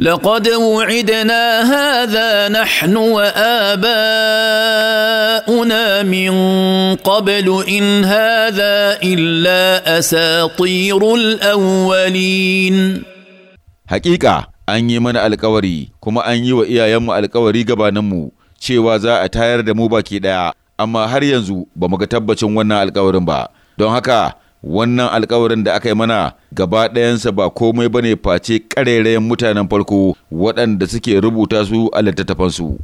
لقد وعدنا هذا نحن واباؤنا من قبل ان هذا الا اساطير الاولين حقيقه an yi mana alkawari kuma an yi wa iyayenmu alkawari gabaninmu cewa za a tayar da mu baki ɗaya amma har yanzu ba mu ga tabbacin wannan alkawarin ba don haka wannan alkawarin da aka yi mana gaba ɗayansa ba komai ba ne face ƙarerayen mutanen farko waɗanda suke rubuta su a littattafansu.